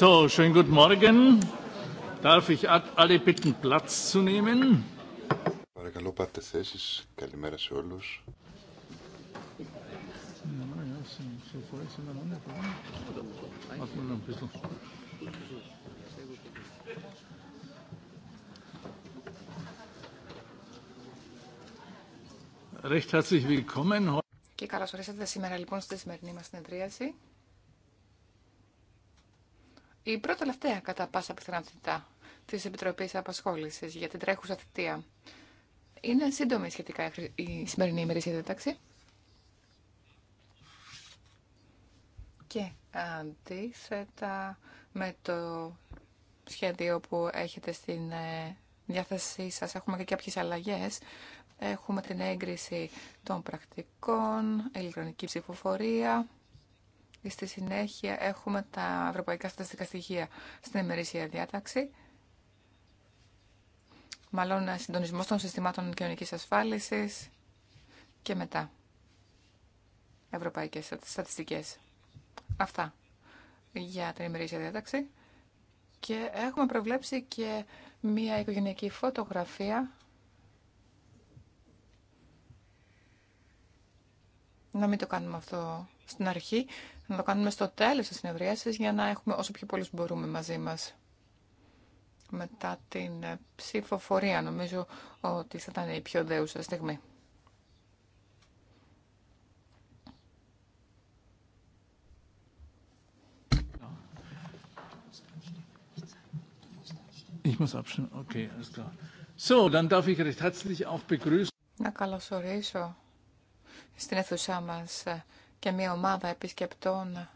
So, schönen guten Morgen. Darf ich alle bitten, Platz zu nehmen? Παρακαλώ πάρτε Καλημέρα σε όλους. Και καλώ ορίσατε σήμερα λοιπόν στη σημερινή μας συνεδρίαση η πρώτη τελευταία κατά πάσα πιθανότητα τη επιτροπή Απασχόλησης για την τρέχουσα θητεία. Είναι σύντομη σχετικά η σημερινή ημερήσια διάταξη. Και αντίθετα με το σχέδιο που έχετε στην ε, διάθεσή σας, έχουμε και κάποιες αλλαγές. Έχουμε την έγκριση των πρακτικών, ηλεκτρονική ψηφοφορία, Στη συνέχεια έχουμε τα ευρωπαϊκά στατιστικά στοιχεία στην ημερήσια διάταξη. Μάλλον συντονισμό των συστημάτων κοινωνικής ασφάλισης και μετά ευρωπαϊκές στατιστικές. Αυτά για την ημερήσια διάταξη. Και έχουμε προβλέψει και μία οικογενειακή φωτογραφία. Να μην το κάνουμε αυτό στην αρχή να το κάνουμε στο τέλος της συνεδρίασης για να έχουμε όσο πιο πολλούς μπορούμε μαζί μας. Μετά την ε, ψηφοφορία νομίζω ότι θα ήταν η πιο δέουσα στιγμή. Ich muss Okay, alles klar. So, dann darf ich recht Να καλωσορίσω στην αίθουσά μας ε, και μια ομάδα επισκεπτών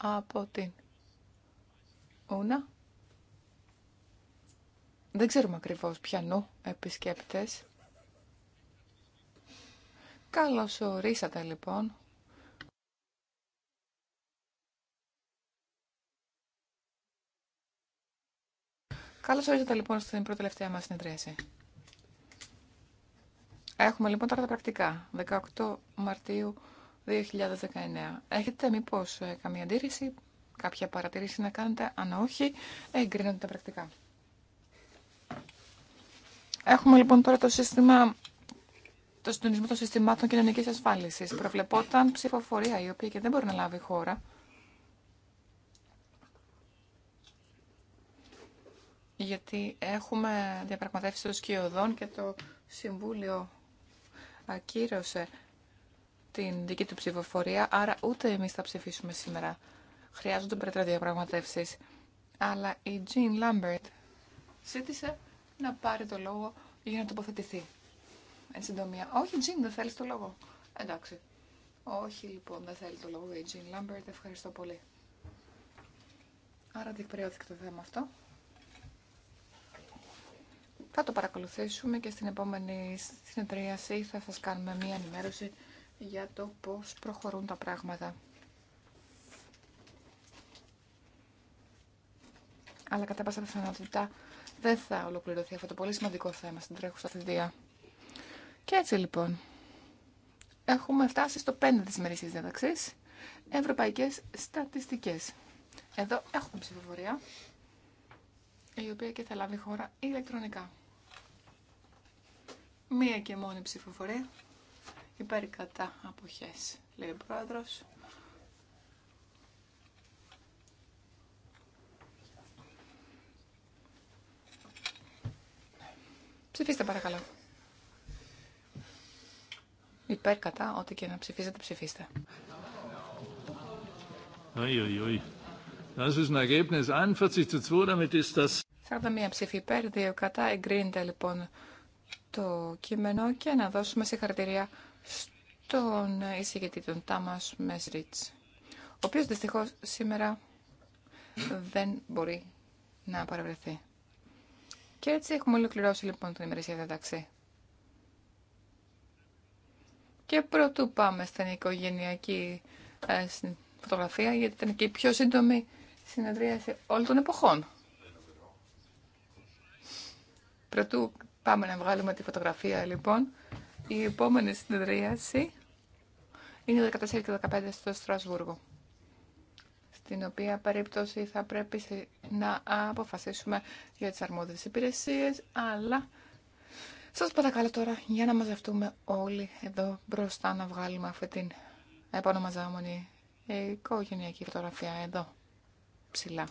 από την Ούνα. Δεν ξέρουμε ακριβώς ποιανού επισκέπτες. Καλώς ορίσατε λοιπόν. Καλώς ορίσατε λοιπόν στην πρώτη τελευταία μας συνεδρίαση. Έχουμε λοιπόν τώρα τα πρακτικά. 18 Μαρτίου 2019. Έχετε μήπω ε, καμία αντίρρηση, κάποια παρατηρήση να κάνετε, αν όχι, εγκρίνονται τα πρακτικά. Έχουμε λοιπόν τώρα το σύστημα, το συντονισμό των συστημάτων κοινωνική ασφάλισης. Προβλεπόταν ψηφοφορία η οποία και δεν μπορεί να λάβει χώρα. γιατί έχουμε διαπραγματεύσει των σκιωδών και το Συμβούλιο ακύρωσε την δική του ψηφοφορία, άρα ούτε εμείς θα ψηφίσουμε σήμερα. Χρειάζονται περαιτέρω διαπραγματεύσεις. Αλλά η Jean Lambert ζήτησε να πάρει το λόγο για να τοποθετηθεί. Εν συντομία. Όχι, Jean, δεν θέλεις το λόγο. Εντάξει. Όχι, λοιπόν, δεν θέλει το λόγο η Jean Lambert. Ευχαριστώ πολύ. Άρα διεκπαιρεώθηκε το θέμα αυτό. Θα το παρακολουθήσουμε και στην επόμενη συνεδρίαση θα σας κάνουμε μία ενημέρωση για το πώς προχωρούν τα πράγματα. Αλλά κατά πάσα πιθανότητα δεν θα ολοκληρωθεί αυτό το πολύ σημαντικό θέμα στην τρέχουσα θητεία. Και έτσι λοιπόν, έχουμε φτάσει στο 5 της μερικής διάταξης, ευρωπαϊκές στατιστικές. Εδώ έχουμε ψηφοφορία, η οποία και θα λάβει χώρα ηλεκτρονικά. Μία και μόνη ψηφοφορία υπέρ κατά αποχές, λέει ο πρόεδρος. Ψηφίστε παρακαλώ. Υπέρ κατά, ό,τι και να ψηφίσετε, ψηφίστε. Ui, 41 ψήφοι υπέρ, 2 κατά, εγκρίνεται λοιπόν το κείμενο και να δώσουμε συγχαρητήρια στον εισηγητή τον Τάμας Μεσρίτς, ο οποίος δυστυχώς σήμερα δεν μπορεί να παραβρεθεί. Και έτσι έχουμε ολοκληρώσει λοιπόν την ημερήσια διαταξή. Και πρωτού πάμε στην οικογενειακή ε, φωτογραφία, γιατί ήταν και η πιο σύντομη συνεδρίαση όλων των εποχών. Πρωτού Πάμε να βγάλουμε τη φωτογραφία λοιπόν. Η επόμενη συνεδρίαση είναι 14 και 15 στο Στρασβούργο. Στην οποία περίπτωση θα πρέπει να αποφασίσουμε για τις αρμόδιες υπηρεσίες, αλλά σας παρακαλώ τώρα για να μαζευτούμε όλοι εδώ μπροστά να βγάλουμε αυτή την επωνομαζόμενη οικογενειακή φωτογραφία εδώ ψηλά.